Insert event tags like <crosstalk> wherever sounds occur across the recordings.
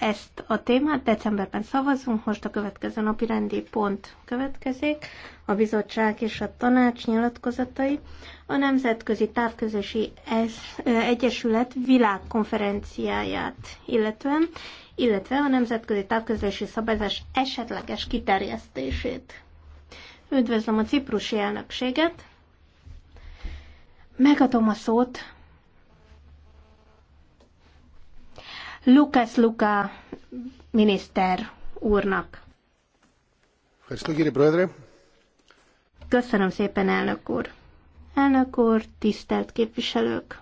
ezt a témát. Decemberben szavazunk, most a következő napi rendi pont következik. A bizottság és a tanács nyilatkozatai. A Nemzetközi Távközösi Egyesület világkonferenciáját illetően, illetve a Nemzetközi Távközlési Szabályzás esetleges kiterjesztését. Üdvözlöm a ciprusi elnökséget. Megadom a szót Lukasz Luka miniszter úrnak. Köszönöm szépen, elnök úr. Elnök úr, tisztelt képviselők!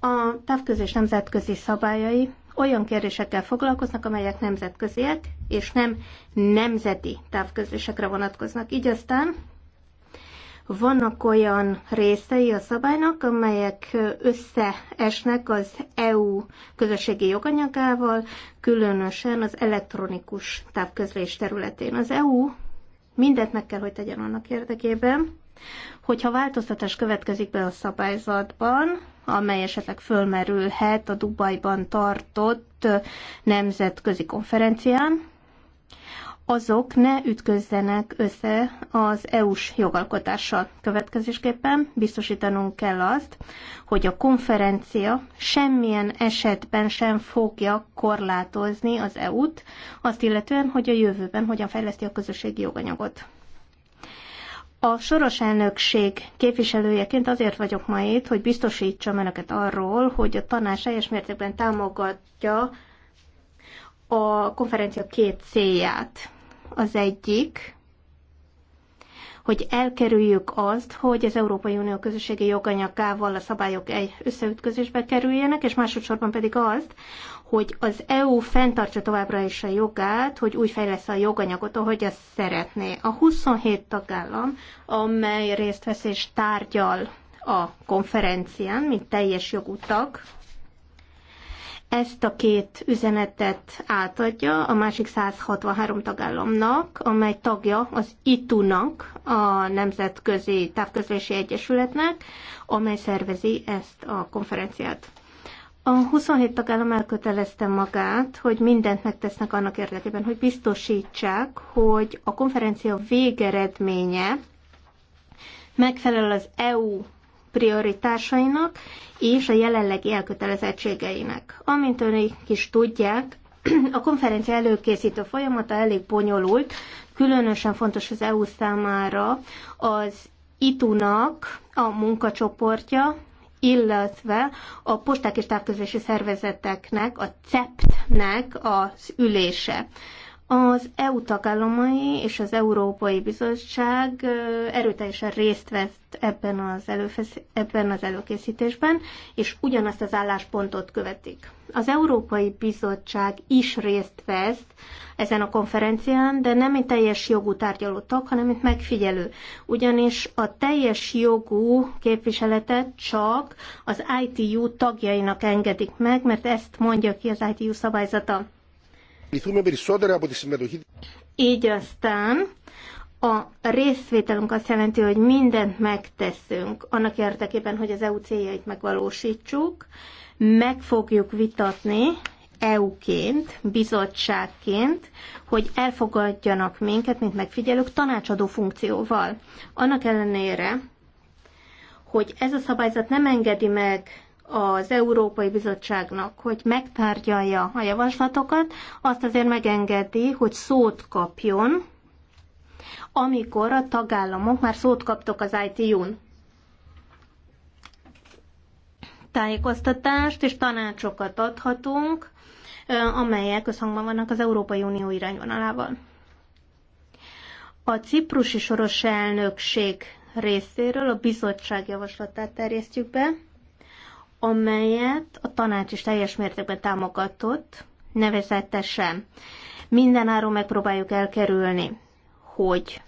A távközés nemzetközi szabályai olyan kérdésekkel foglalkoznak, amelyek nemzetköziek, és nem nemzeti távközlésekre vonatkoznak. Így aztán vannak olyan részei a szabálynak, amelyek összeesnek az EU közösségi joganyagával, különösen az elektronikus távközlés területén. Az EU mindent meg kell, hogy tegyen annak érdekében, hogyha változtatás következik be a szabályzatban, amely esetleg fölmerülhet a Dubajban tartott nemzetközi konferencián, azok ne ütközzenek össze az EU-s jogalkotással. Következésképpen biztosítanunk kell azt, hogy a konferencia semmilyen esetben sem fogja korlátozni az EU-t, azt illetően, hogy a jövőben hogyan fejleszti a közösségi joganyagot. A soros elnökség képviselőjeként azért vagyok ma itt, hogy biztosítsam önöket arról, hogy a tanács teljes mértékben támogatja a konferencia két célját. Az egyik, hogy elkerüljük azt, hogy az Európai Unió közösségi joganyagával a szabályok egy összeütközésbe kerüljenek, és másodszorban pedig azt, hogy az EU fenntartsa továbbra is a jogát, hogy úgy fejlesz a joganyagot, ahogy azt szeretné. A 27 tagállam, amely részt vesz és tárgyal a konferencián, mint teljes jogú tag, ezt a két üzenetet átadja a másik 163 tagállamnak, amely tagja az ITU-nak, a Nemzetközi Távközlési Egyesületnek, amely szervezi ezt a konferenciát. A 27 tagállam elkötelezte magát, hogy mindent megtesznek annak érdekében, hogy biztosítsák, hogy a konferencia végeredménye megfelel az EU prioritásainak és a jelenlegi elkötelezettségeinek. Amint önök is tudják, <clears throat> a konferencia előkészítő folyamata elég bonyolult, különösen fontos az EU számára az ITU-nak a munkacsoportja, illetve a posták és távközlési szervezeteknek, a CEPT-nek az ülése az EU tagállamai és az Európai Bizottság erőteljesen részt vett ebben az, előfesz- ebben az előkészítésben, és ugyanazt az álláspontot követik. Az Európai Bizottság is részt vesz ezen a konferencián, de nem egy teljes jogú tárgyaló tag, hanem egy megfigyelő. Ugyanis a teljes jogú képviseletet csak az ITU tagjainak engedik meg, mert ezt mondja ki az ITU szabályzata. Így aztán a részvételünk azt jelenti, hogy mindent megteszünk annak érdekében, hogy az EU céljait megvalósítsuk, meg fogjuk vitatni EU-ként, bizottságként, hogy elfogadjanak minket, mint megfigyelők, tanácsadó funkcióval. Annak ellenére, hogy ez a szabályzat nem engedi meg az Európai Bizottságnak, hogy megtárgyalja a javaslatokat, azt azért megengedi, hogy szót kapjon, amikor a tagállamok már szót kaptok az ITU-n. Tájékoztatást és tanácsokat adhatunk, amelyek összhangban vannak az Európai Unió irányvonalával. A ciprusi soros elnökség részéről a bizottság javaslatát terjesztjük be, amelyet a tanács is teljes mértékben támogatott, nevezetesen mindenáron megpróbáljuk elkerülni, hogy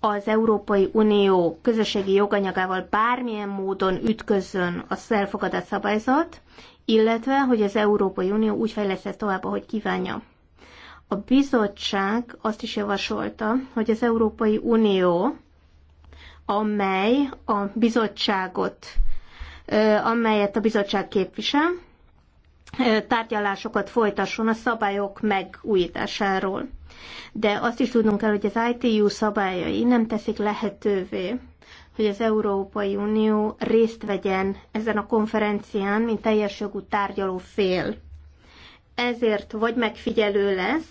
az Európai Unió közösségi joganyagával bármilyen módon ütközön a elfogadott szabályzat, illetve hogy az Európai Unió úgy fejleszte tovább, ahogy kívánja. A bizottság azt is javasolta, hogy az Európai Unió, amely a bizottságot amelyet a bizottság képvisel, tárgyalásokat folytasson a szabályok megújításáról. De azt is tudnunk kell, hogy az ITU szabályai nem teszik lehetővé, hogy az Európai Unió részt vegyen ezen a konferencián, mint teljes jogú tárgyaló fél. Ezért vagy megfigyelő lesz,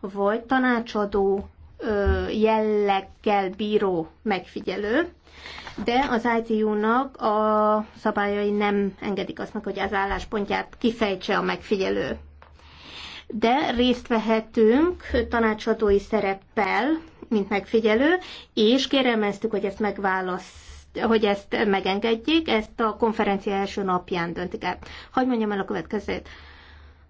vagy tanácsadó jelleggel bíró megfigyelő, de az ITU-nak a szabályai nem engedik azt meg, hogy az álláspontját kifejtse a megfigyelő. De részt vehetünk tanácsadói szereppel, mint megfigyelő, és kérelmeztük, hogy ezt megválasz hogy ezt megengedjék, ezt a konferencia első napján döntik el. Hogy mondjam el a következőt?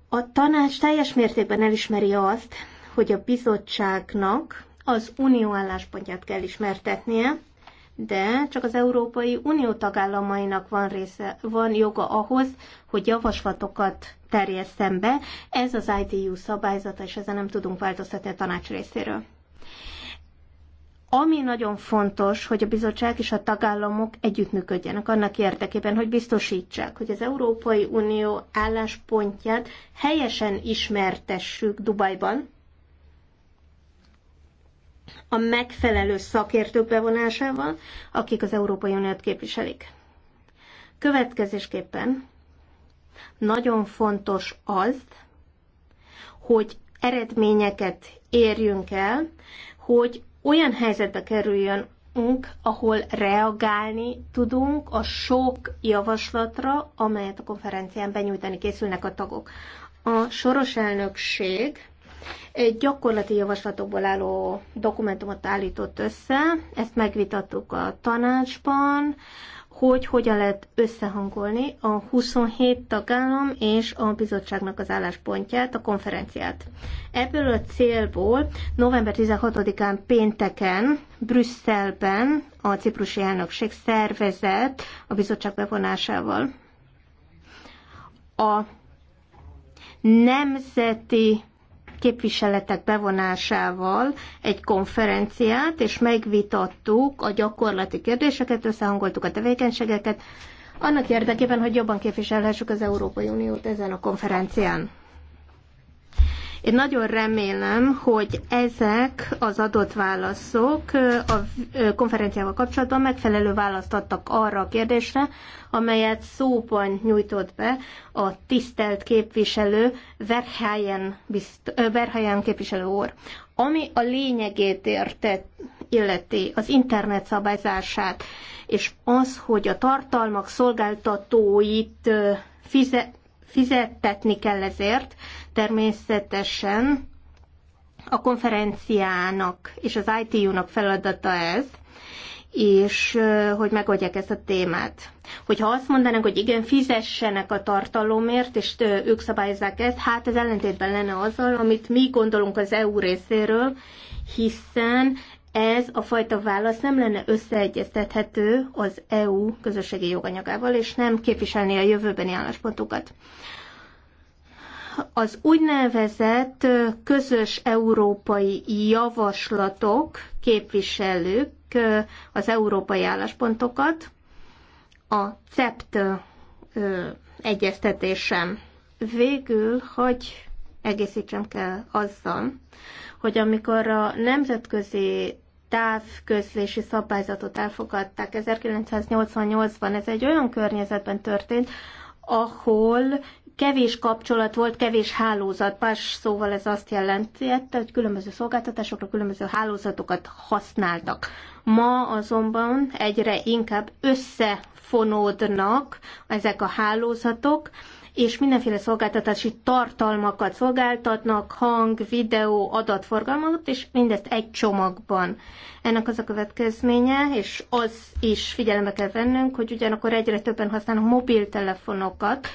A tanács teljes mértékben elismeri azt, hogy a bizottságnak az unió álláspontját kell ismertetnie, de csak az Európai Unió tagállamainak van, része, van joga ahhoz, hogy javaslatokat terjesszen be. Ez az ITU szabályzata, és ezen nem tudunk változtatni a tanács részéről. Ami nagyon fontos, hogy a bizottság és a tagállamok együttműködjenek annak érdekében, hogy biztosítsák, hogy az Európai Unió álláspontját helyesen ismertessük Dubajban, a megfelelő szakértők bevonásával, akik az Európai Uniót képviselik. Következésképpen nagyon fontos az, hogy eredményeket érjünk el, hogy olyan helyzetbe kerüljön ahol reagálni tudunk a sok javaslatra, amelyet a konferencián benyújtani készülnek a tagok. A soros elnökség gyakorlati javaslatokból álló dokumentumot állított össze, ezt megvitattuk a tanácsban, hogy hogyan lehet összehangolni a 27 tagállam és a bizottságnak az álláspontját, a konferenciát. Ebből a célból november 16-án pénteken Brüsszelben a ciprusi elnökség szervezett a bizottság bevonásával a nemzeti képviseletek bevonásával egy konferenciát, és megvitattuk a gyakorlati kérdéseket, összehangoltuk a tevékenységeket, annak érdekében, hogy jobban képviselhessük az Európai Uniót ezen a konferencián. Én nagyon remélem, hogy ezek az adott válaszok a konferenciával kapcsolatban megfelelő választ adtak arra a kérdésre, amelyet szóban nyújtott be a tisztelt képviselő Verheyen, bizt, Verheyen képviselő úr. Ami a lényegét értett, illeti az internet szabályzását, és az, hogy a tartalmak szolgáltatóit fizet, fizettetni kell ezért, Természetesen a konferenciának és az ITU-nak feladata ez, és hogy megoldják ezt a témát. Hogyha azt mondanánk, hogy igen, fizessenek a tartalomért, és ők szabályozzák ezt, hát ez ellentétben lenne azzal, amit mi gondolunk az EU részéről, hiszen ez a fajta válasz nem lenne összeegyeztethető az EU közösségi joganyagával, és nem képviselni a jövőbeni álláspontokat az úgynevezett közös európai javaslatok képviselők az európai álláspontokat a CEPT egyeztetésem. Végül, hogy egészítsem kell azzal, hogy amikor a nemzetközi távközlési szabályzatot elfogadták 1988-ban, ez egy olyan környezetben történt, ahol kevés kapcsolat volt, kevés hálózat. Más szóval ez azt jelenti, hogy különböző szolgáltatásokra különböző hálózatokat használtak. Ma azonban egyre inkább összefonódnak ezek a hálózatok, és mindenféle szolgáltatási tartalmakat szolgáltatnak, hang, videó, adatforgalmat, és mindezt egy csomagban. Ennek az a következménye, és az is figyelembe kell vennünk, hogy ugyanakkor egyre többen használnak mobiltelefonokat,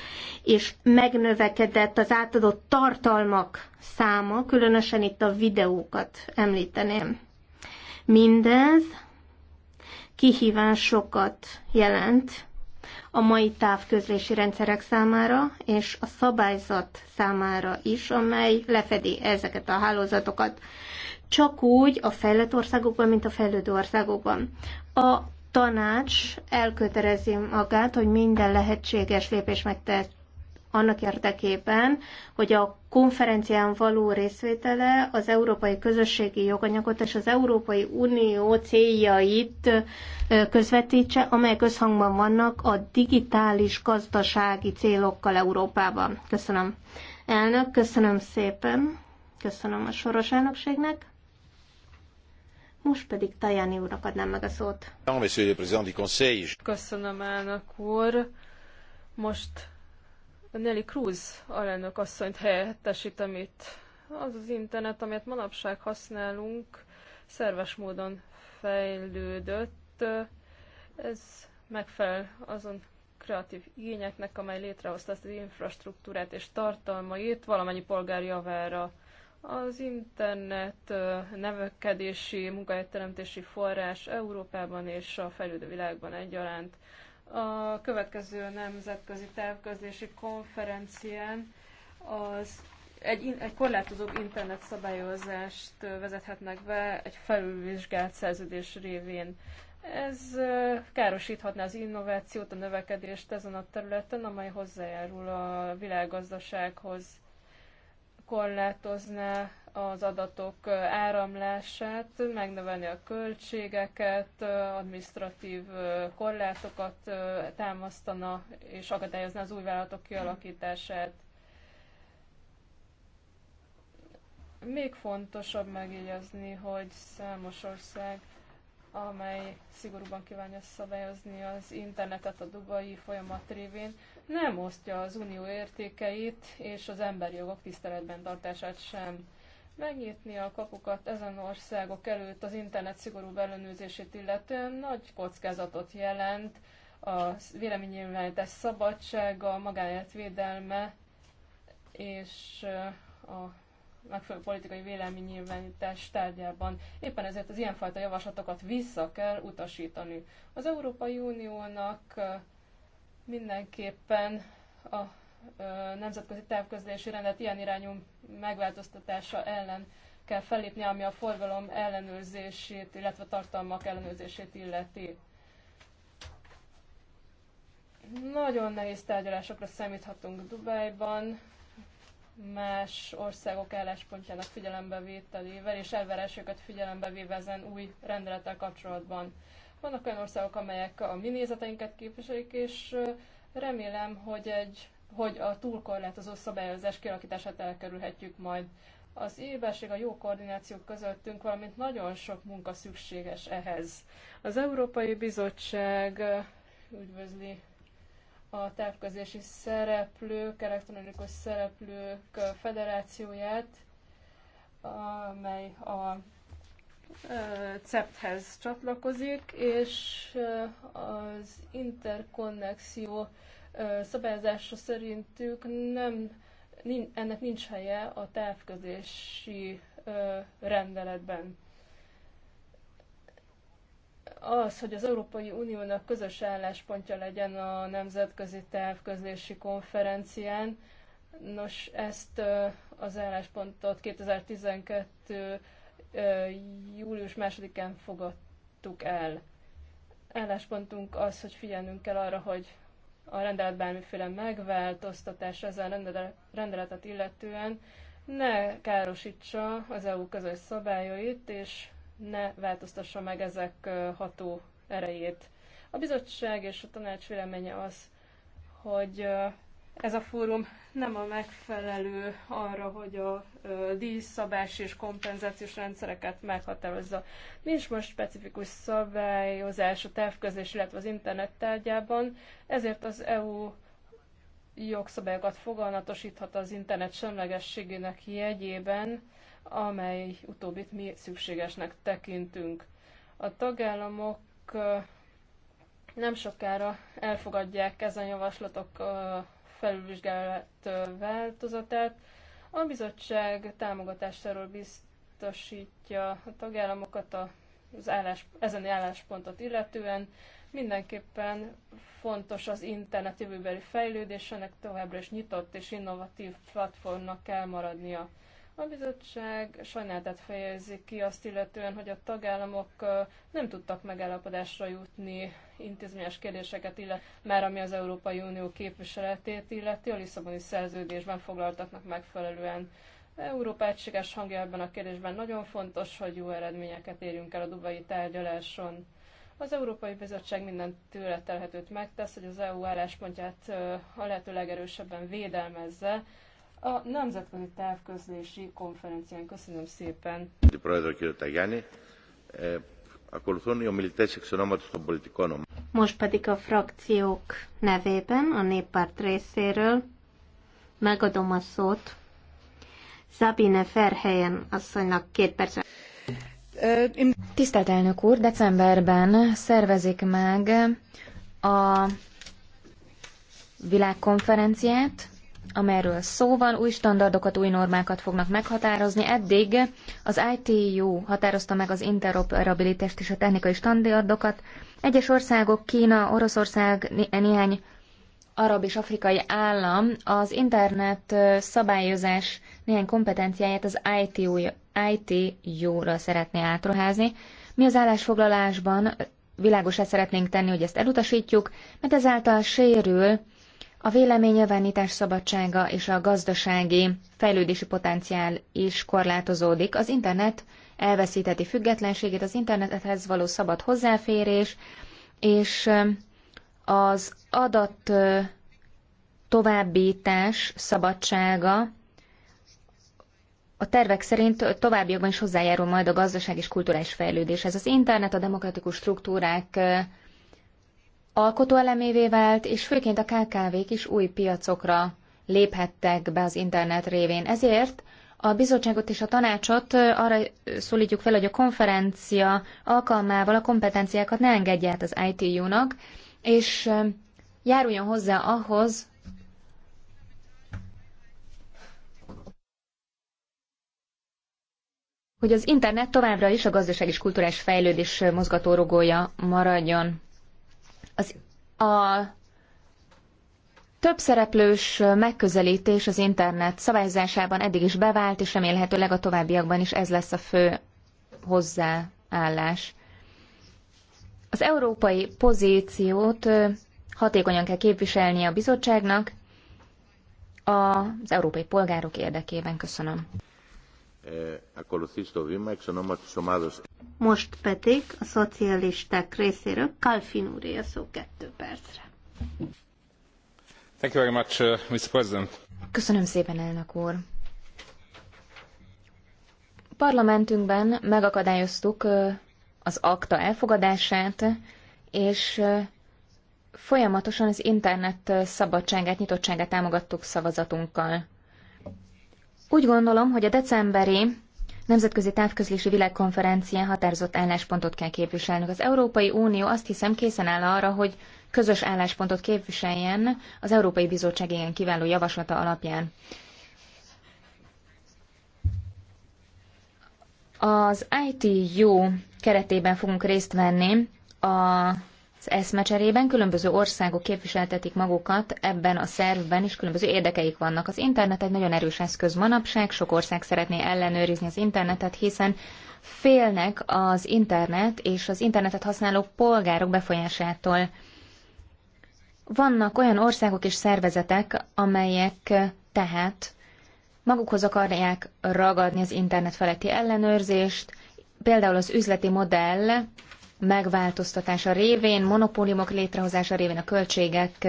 és megnövekedett az átadott tartalmak száma, különösen itt a videókat említeném. Mindez kihívásokat jelent a mai távközlési rendszerek számára, és a szabályzat számára is, amely lefedi ezeket a hálózatokat. Csak úgy a fejlett országokban, mint a fejlődő országokban. A tanács elkötelezi magát, hogy minden lehetséges lépés megtehet annak érdekében, hogy a konferencián való részvétele az európai közösségi joganyagot és az Európai Unió céljait közvetítse, amelyek összhangban vannak a digitális gazdasági célokkal Európában. Köszönöm. Elnök, köszönöm szépen. Köszönöm a soros elnökségnek. Most pedig Tajani úrnak adnám meg a szót. Köszönöm, elnök úr. Most Nelly Cruz alelnök asszonyt helyettesítem itt. Az az internet, amit manapság használunk, szerves módon fejlődött. Ez megfelel azon kreatív igényeknek, amely létrehozta ezt az infrastruktúrát és tartalmait valamennyi polgár javára. Az internet nevekedési, munkahelyteremtési forrás Európában és a fejlődő világban egyaránt. A következő nemzetközi távközlési konferencián az egy, egy korlátozóbb internet szabályozást vezethetnek be egy felülvizsgált szerződés révén. Ez károsíthatná az innovációt, a növekedést ezen a területen, amely hozzájárul a világgazdasághoz, korlátozná az adatok áramlását, megnövelni a költségeket, administratív korlátokat támasztana és akadályozna az új vállalatok kialakítását. Még fontosabb megjegyezni, hogy számos ország, amely szigorúban kívánja szabályozni az internetet a dubai folyamat révén, nem osztja az unió értékeit és az emberi jogok tiszteletben tartását sem megnyitni a kapukat ezen országok előtt az internet szigorú ellenőrzését illetően nagy kockázatot jelent a véleménynyilvánítás szabadsága, a magáért védelme és a megfelelő politikai véleménynyilvánítás tárgyában. Éppen ezért az ilyenfajta javaslatokat vissza kell utasítani. Az Európai Uniónak mindenképpen a nemzetközi távközlési rendet ilyen irányú megváltoztatása ellen kell fellépni, ami a forgalom ellenőrzését, illetve tartalmak ellenőrzését illeti. Nagyon nehéz tárgyalásokra számíthatunk Dubajban, más országok álláspontjának figyelembevételével és elvárásokat véve ezen új rendelettel kapcsolatban. Vannak olyan országok, amelyek a mi nézeteinket képviselik, és remélem, hogy egy hogy a túlkorlátozó szabályozás kialakítását elkerülhetjük majd. Az éberség a jó koordináció közöttünk, valamint nagyon sok munka szükséges ehhez. Az Európai Bizottság üdvözli a távközlési szereplők, elektronikus szereplők federációját, amely a CEPT-hez csatlakozik, és az interkonnexió szabályozása szerintük nem, ennek nincs helye a távközési rendeletben. Az, hogy az Európai Uniónak közös álláspontja legyen a Nemzetközi Távközlési Konferencián, nos, ezt az álláspontot 2012 július 2-án fogadtuk el. Álláspontunk az, hogy figyelnünk kell arra, hogy a rendelet bármiféle megváltoztatás ezen rendeletet illetően ne károsítsa az EU közös szabályait, és ne változtassa meg ezek ható erejét. A bizottság és a tanács véleménye az, hogy ez a fórum nem a megfelelő arra, hogy a díjszabás és kompenzációs rendszereket meghatározza. Nincs most specifikus szabályozás a távközlés, illetve az internet tárgyában, ezért az EU jogszabályokat fogalmatosíthat az internet semlegességének jegyében, amely utóbbit mi szükségesnek tekintünk. A tagállamok nem sokára elfogadják ezen javaslatok felülvizsgálat változatát. A bizottság támogatásáról biztosítja a tagállamokat az állás, ezen álláspontot illetően. Mindenképpen fontos az internet jövőbeli fejlődésének továbbra is nyitott és innovatív platformnak kell maradnia. A bizottság sajnálatát fejezi ki azt illetően, hogy a tagállamok nem tudtak megállapodásra jutni intézményes kérdéseket, illetve már ami az Európai Unió képviseletét illeti, a Lisszaboni szerződésben foglaltaknak megfelelően. Európa egységes hangja ebben a kérdésben nagyon fontos, hogy jó eredményeket érjünk el a dubai tárgyaláson. Az Európai Bizottság minden tőle telhetőt megtesz, hogy az EU álláspontját a lehető legerősebben védelmezze, a Nemzetközi Távközlési Konferencián. Köszönöm szépen. E, Most pedig a frakciók nevében, a néppárt részéről megadom a szót Szabine Ferhelyen asszonynak két perc. E, Tisztelt elnök úr, decemberben szervezik meg a világkonferenciát amelyről szó van, új standardokat, új normákat fognak meghatározni. Eddig az ITU határozta meg az interoperabilitást és a technikai standardokat. Egyes országok, Kína, Oroszország, néhány arab és afrikai állam az internet szabályozás néhány kompetenciáját az ITU-ra szeretné átruházni. Mi az állásfoglalásban világosá szeretnénk tenni, hogy ezt elutasítjuk, mert ezáltal sérül a véleménynyilvánítás szabadsága és a gazdasági fejlődési potenciál is korlátozódik. Az internet elveszíteti függetlenségét, az internethez való szabad hozzáférés, és um, az adat uh, továbbítás szabadsága a tervek szerint továbbiakban is hozzájárul majd a gazdaság és kulturális fejlődéshez. Az internet a demokratikus struktúrák uh, alkotóelemévé vált, és főként a KKV-k is új piacokra léphettek be az internet révén. Ezért a bizottságot és a tanácsot arra szólítjuk fel, hogy a konferencia alkalmával a kompetenciákat ne engedje át az ITU-nak, és járuljon hozzá ahhoz, hogy az internet továbbra is a gazdaság és kulturális fejlődés mozgatórugója maradjon. Az, a több szereplős megközelítés az internet szabályozásában eddig is bevált, és remélhetőleg a továbbiakban is ez lesz a fő hozzáállás. Az európai pozíciót hatékonyan kell képviselnie a bizottságnak az európai polgárok érdekében. Köszönöm. Most pedig a szocialisták részéről Kalfin úré a szó kettő percre. Thank you very much, uh, Mr. President. Köszönöm szépen, elnök úr. Parlamentünkben megakadályoztuk uh, az akta elfogadását, és uh, folyamatosan az internet szabadságát, nyitottságát támogattuk szavazatunkkal. Úgy gondolom, hogy a decemberi Nemzetközi Távközlési Világkonferencián határozott álláspontot kell képviselnünk. Az Európai Unió azt hiszem készen áll arra, hogy közös álláspontot képviseljen az Európai Bizottság igen kiváló javaslata alapján. Az ITU keretében fogunk részt venni a az eszmecserében különböző országok képviseltetik magukat ebben a szervben, és különböző érdekeik vannak. Az internet egy nagyon erős eszköz manapság, sok ország szeretné ellenőrizni az internetet, hiszen félnek az internet és az internetet használó polgárok befolyásától. Vannak olyan országok és szervezetek, amelyek tehát magukhoz akarják ragadni az internet feletti ellenőrzést, például az üzleti modell megváltoztatása révén, monopóliumok létrehozása révén, a költségek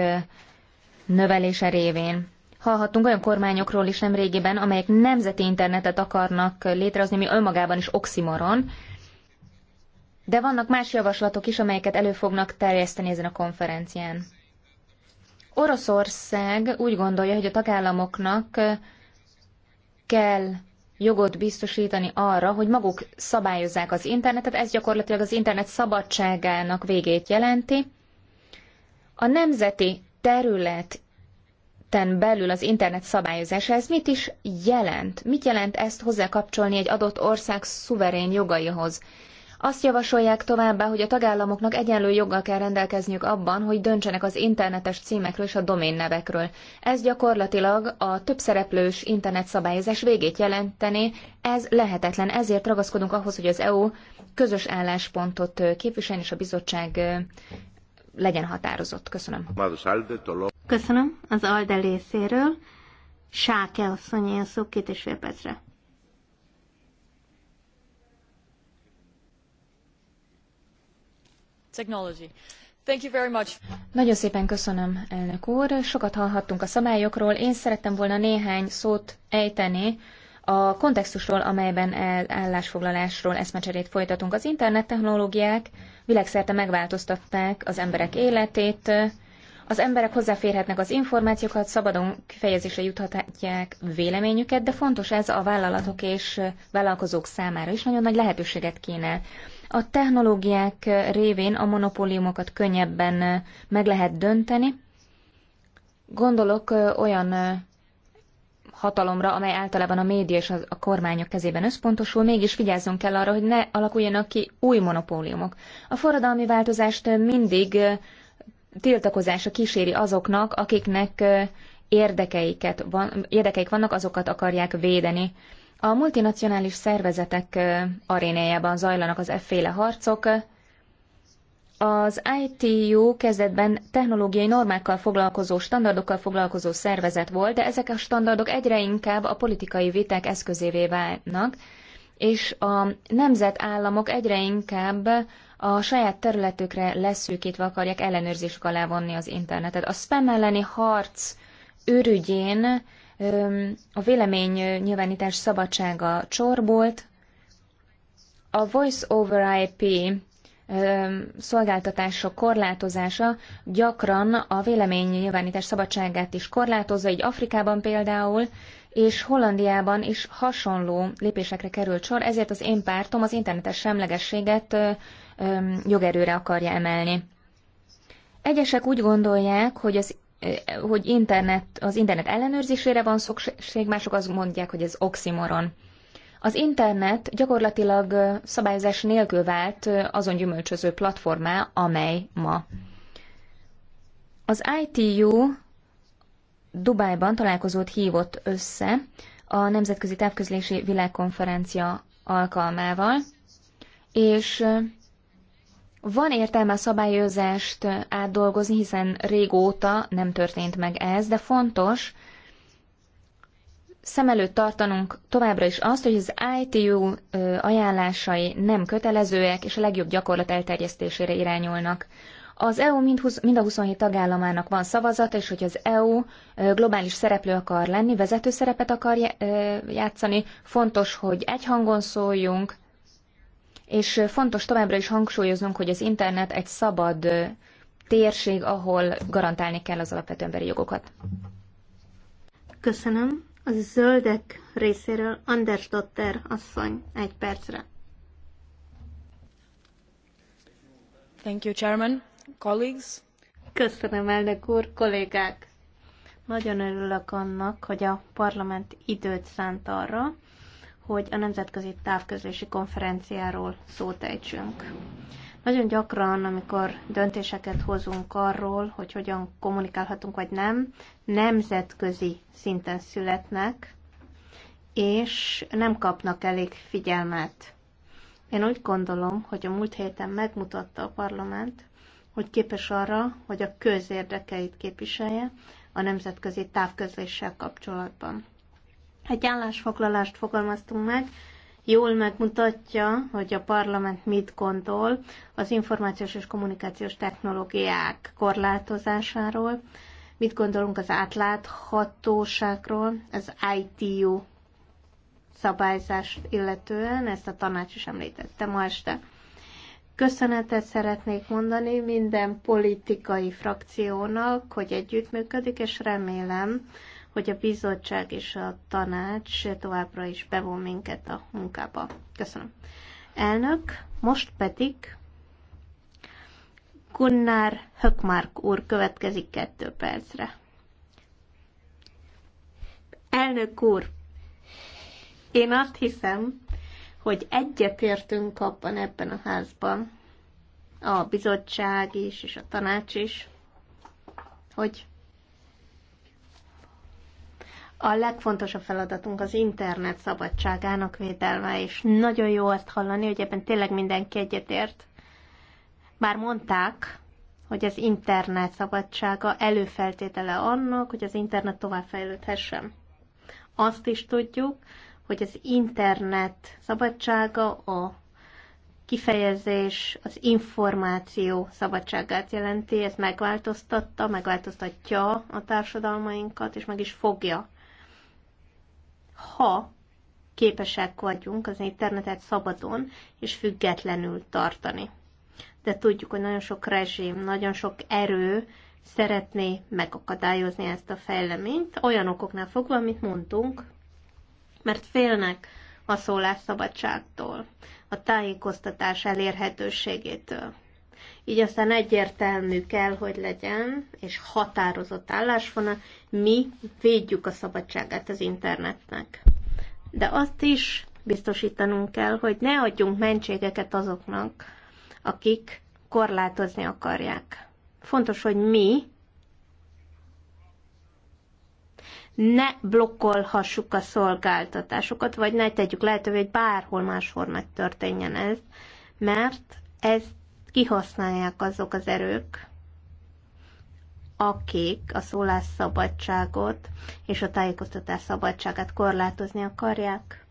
növelése révén. Hallhattunk olyan kormányokról is nem régiben, amelyek nemzeti internetet akarnak létrehozni, ami önmagában is oximoron, de vannak más javaslatok is, amelyeket elő fognak terjeszteni ezen a konferencián. Oroszország úgy gondolja, hogy a tagállamoknak kell jogot biztosítani arra, hogy maguk szabályozzák az internetet, ez gyakorlatilag az internet szabadságának végét jelenti. A nemzeti területen belül az internet szabályozása, ez mit is jelent? Mit jelent ezt hozzá kapcsolni egy adott ország szuverén jogaihoz? Azt javasolják továbbá, hogy a tagállamoknak egyenlő joggal kell rendelkezniük abban, hogy döntsenek az internetes címekről és a doménnevekről. Ez gyakorlatilag a többszereplős internet szabályozás végét jelenteni, ez lehetetlen. Ezért ragaszkodunk ahhoz, hogy az EU közös álláspontot képviseljen, és a bizottság legyen határozott. Köszönöm. Köszönöm az ALDE részéről. Sáke a szó két és fél percre. technology. Thank you very much. Nagyon szépen köszönöm, elnök úr. Sokat hallhattunk a szabályokról. Én szerettem volna néhány szót ejteni a kontextusról, amelyben állásfoglalásról eszmecserét folytatunk. Az internettechnológiák világszerte megváltoztatták az emberek életét, az emberek hozzáférhetnek az információkat, szabadon kifejezésre juthatják véleményüket, de fontos ez a vállalatok és vállalkozók számára is, nagyon nagy lehetőséget kínál. A technológiák révén a monopóliumokat könnyebben meg lehet dönteni. Gondolok olyan hatalomra, amely általában a média és a kormányok kezében összpontosul, mégis vigyázzunk kell arra, hogy ne alakuljanak ki új monopóliumok. A forradalmi változást mindig tiltakozása kíséri azoknak, akiknek érdekeiket van, érdekeik vannak, azokat akarják védeni. A multinacionális szervezetek arénájában zajlanak az efféle harcok. Az ITU kezdetben technológiai normákkal foglalkozó, standardokkal foglalkozó szervezet volt, de ezek a standardok egyre inkább a politikai viták eszközévé válnak, és a nemzetállamok egyre inkább a saját területükre leszűkítve akarják ellenőrzésük alá vonni az internetet. A spam elleni harc ürügyén a vélemény nyilvánítás szabadsága csorbolt, a Voice over IP szolgáltatások korlátozása gyakran a vélemény nyilvánítás szabadságát is korlátozza, így Afrikában például, és Hollandiában is hasonló lépésekre került sor, ezért az én pártom az internetes semlegességet jogerőre akarja emelni. Egyesek úgy gondolják, hogy az hogy internet, az internet ellenőrzésére van szükség, mások azt mondják, hogy ez oximoron. Az internet gyakorlatilag szabályozás nélkül vált azon gyümölcsöző platformá, amely ma. Az ITU Dubájban találkozót hívott össze a Nemzetközi Távközlési Világkonferencia alkalmával, és van értelme a szabályozást átdolgozni, hiszen régóta nem történt meg ez, de fontos szem előtt tartanunk továbbra is azt, hogy az ITU ajánlásai nem kötelezőek, és a legjobb gyakorlat elterjesztésére irányulnak. Az EU mind, mind a 27 tagállamának van szavazata, és hogy az EU globális szereplő akar lenni, vezető szerepet akar játszani, fontos, hogy egy hangon szóljunk, és fontos továbbra is hangsúlyoznunk, hogy az internet egy szabad térség, ahol garantálni kell az alapvető emberi jogokat. Köszönöm. A zöldek részéről Anders Dotter asszony egy percre. Thank you, Chairman. Colleagues. Köszönöm, elnök úr, kollégák. Nagyon örülök annak, hogy a parlament időt szánt arra, hogy a Nemzetközi Távközlési Konferenciáról szót ejtsünk. Nagyon gyakran, amikor döntéseket hozunk arról, hogy hogyan kommunikálhatunk vagy nem, nemzetközi szinten születnek, és nem kapnak elég figyelmet. Én úgy gondolom, hogy a múlt héten megmutatta a parlament, hogy képes arra, hogy a közérdekeit képviselje a nemzetközi távközléssel kapcsolatban. Egy állásfoglalást fogalmaztunk meg, jól megmutatja, hogy a parlament mit gondol az információs és kommunikációs technológiák korlátozásáról, mit gondolunk az átláthatóságról, az ITU szabályzást illetően, ezt a tanács is említette ma este. Köszönetet szeretnék mondani minden politikai frakciónak, hogy együttműködik, és remélem, hogy a bizottság és a tanács továbbra is bevon minket a munkába. Köszönöm. Elnök, most pedig Gunnar Hökmark úr következik kettő percre. Elnök úr, én azt hiszem, hogy egyetértünk abban ebben a házban, a bizottság is, és a tanács is, hogy a legfontosabb feladatunk az internet szabadságának védelme, és nagyon jó azt hallani, hogy ebben tényleg mindenki egyetért. Bár mondták, hogy az internet szabadsága előfeltétele annak, hogy az internet továbbfejlődhessen. Azt is tudjuk, hogy az internet szabadsága a kifejezés az információ szabadságát jelenti, ez megváltoztatta, megváltoztatja a társadalmainkat, és meg is fogja ha képesek vagyunk az internetet szabadon és függetlenül tartani. De tudjuk, hogy nagyon sok rezsim, nagyon sok erő szeretné megakadályozni ezt a fejleményt, olyan okoknál fogva, amit mondtunk, mert félnek a szólásszabadságtól, a tájékoztatás elérhetőségétől így aztán egyértelmű kell, hogy legyen, és határozott állásvonal, mi védjük a szabadságát az internetnek. De azt is biztosítanunk kell, hogy ne adjunk mentségeket azoknak, akik korlátozni akarják. Fontos, hogy mi ne blokkolhassuk a szolgáltatásokat, vagy ne tegyük lehetővé, hogy bárhol máshol megtörténjen ez, mert ez kihasználják azok az erők, akik a szólásszabadságot és a tájékoztatás szabadságát korlátozni akarják.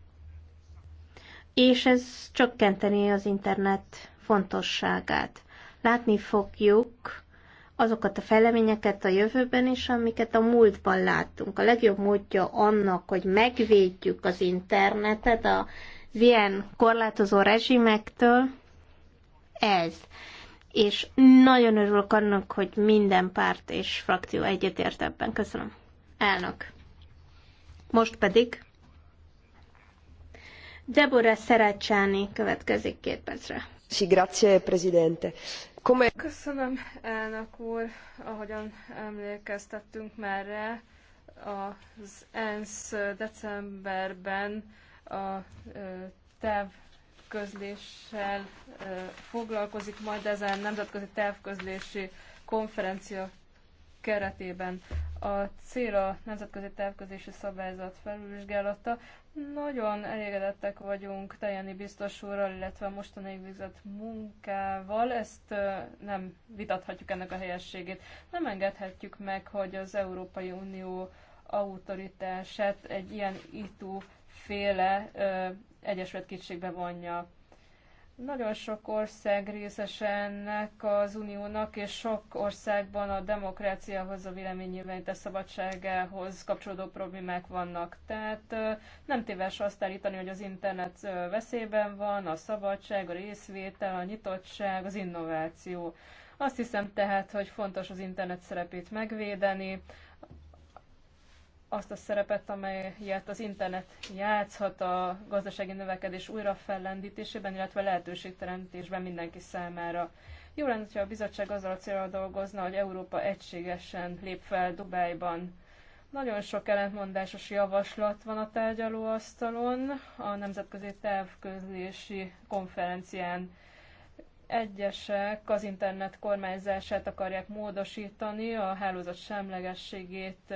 És ez csökkenteni az internet fontosságát. Látni fogjuk azokat a fejleményeket a jövőben is, amiket a múltban láttunk. A legjobb módja annak, hogy megvédjük az internetet a ilyen korlátozó rezsimektől, ez. És nagyon örülök annak, hogy minden párt és frakció egyetért ebben. Köszönöm. Elnök. Most pedig Deborah Szerecsáni következik két percre. Sí, grazie, presidente. Come... Köszönöm, elnök úr, ahogyan emlékeztettünk már rá, az ENSZ decemberben a TEV tervközléssel foglalkozik majd ezen nemzetközi tervközlési konferencia keretében. A cél a Nemzetközi Távközési Szabályzat felülvizsgálata. Nagyon elégedettek vagyunk Tejani biztos úrral, illetve a mostanáig végzett munkával. Ezt nem vitathatjuk ennek a helyességét. Nem engedhetjük meg, hogy az Európai Unió autoritását egy ilyen ITU féle egyesület kétségbe vonja. Nagyon sok ország részes ennek az uniónak, és sok országban a demokráciához, a véleménynyilvánítás szabadságához kapcsolódó problémák vannak. Tehát nem téves azt állítani, hogy az internet veszélyben van, a szabadság, a részvétel, a nyitottság, az innováció. Azt hiszem tehát, hogy fontos az internet szerepét megvédeni, azt a szerepet, amelyet az internet játszhat a gazdasági növekedés újrafellendítésében, illetve lehetőségteremtésben mindenki számára. Jó lenne, hogyha a bizottság azzal a célral dolgozna, hogy Európa egységesen lép fel Dubájban. Nagyon sok ellentmondásos javaslat van a tárgyalóasztalon a Nemzetközi Távközlési Konferencián egyesek az internet kormányzását akarják módosítani, a hálózat semlegességét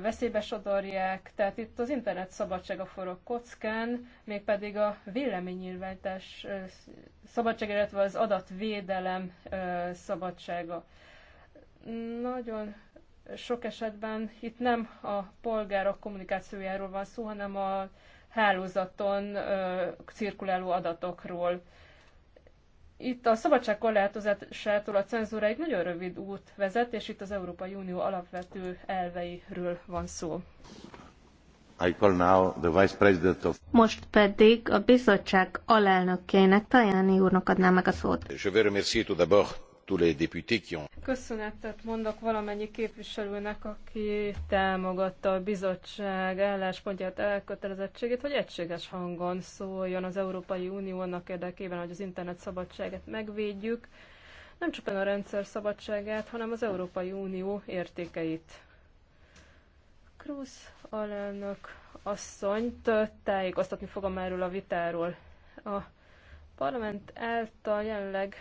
veszélybe sodorják, tehát itt az internet szabadsága forog kockán, mégpedig a véleménynyilvántás szabadság, illetve az adatvédelem szabadsága. Nagyon sok esetben itt nem a polgárok kommunikációjáról van szó, hanem a hálózaton cirkuláló adatokról itt a korlátozásától a cenzúráig nagyon rövid út vezet, és itt az Európai Unió alapvető elveiről van szó. I call now the Vice President of... Most pedig a bizottság alelnökének, Tajani úrnak adná meg a szót. Je vais remercier tout d'abord tous les députés qui ont... Köszönetet mondok valamennyi képviselőnek, aki támogatta a bizottság álláspontját, elkötelezettségét, hogy egységes hangon szóljon az Európai Unió annak érdekében, hogy az internet szabadságát megvédjük, nem csupán a rendszer szabadságát, hanem az Európai Unió értékeit. Cruz alelnök asszonyt tájékoztatni fogom erről a vitáról. A parlament által jelenleg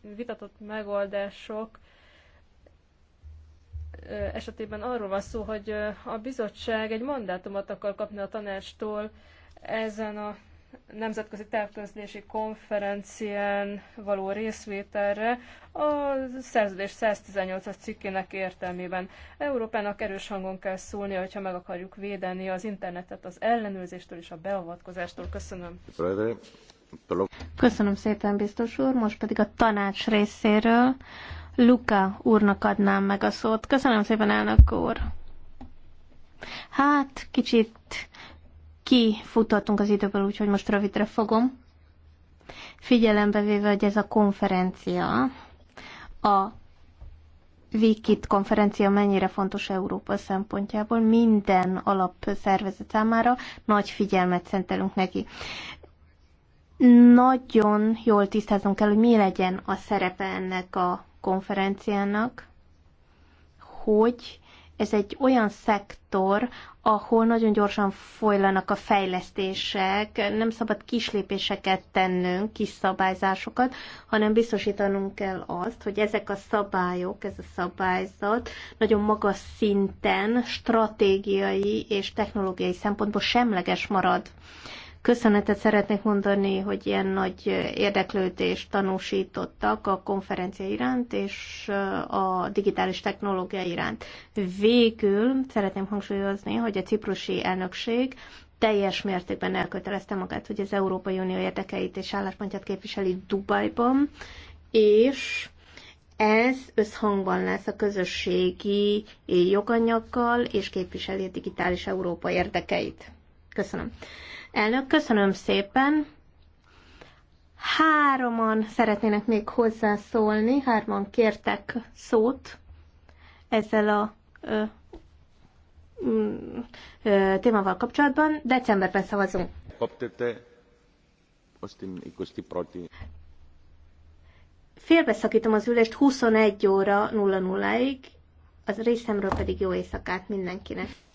vitatott megoldások esetében arról van szó, hogy a bizottság egy mandátumot akar kapni a tanácstól ezen a nemzetközi távközlési konferencián való részvételre a szerződés 118-as cikkének értelmében. Európának erős hangon kell szólni, hogyha meg akarjuk védeni az internetet az ellenőrzéstől és a beavatkozástól. Köszönöm. Köszönöm szépen, biztos úr. Most pedig a tanács részéről Luka úrnak adnám meg a szót. Köszönöm szépen, elnök úr. Hát, kicsit kifutottunk az időből, úgyhogy most rövidre fogom. Figyelembe véve, hogy ez a konferencia, a Wikit konferencia mennyire fontos Európa szempontjából, minden alapszervezet számára nagy figyelmet szentelünk neki. Nagyon jól tisztázunk kell, hogy mi legyen a szerepe ennek a konferenciának, hogy ez egy olyan szektor, ahol nagyon gyorsan folylanak a fejlesztések, nem szabad kislépéseket tennünk, kis szabályzásokat, hanem biztosítanunk kell azt, hogy ezek a szabályok, ez a szabályzat nagyon magas szinten stratégiai és technológiai szempontból semleges marad. Köszönetet szeretnék mondani, hogy ilyen nagy érdeklődést tanúsítottak a konferencia iránt és a digitális technológia iránt. Végül szeretném hangsúlyozni, hogy a ciprusi elnökség teljes mértékben elkötelezte magát, hogy az Európai Unió érdekeit és álláspontját képviseli Dubajban, és ez összhangban lesz a közösségi joganyaggal, és képviseli a digitális Európa érdekeit. Köszönöm. Elnök, köszönöm szépen. Hároman szeretnének még hozzászólni, hárman kértek szót ezzel a ö, ö, témával kapcsolatban. Decemberben szavazunk. Félbeszakítom az ülést 21 óra 00-ig, az részemről pedig jó éjszakát mindenkinek.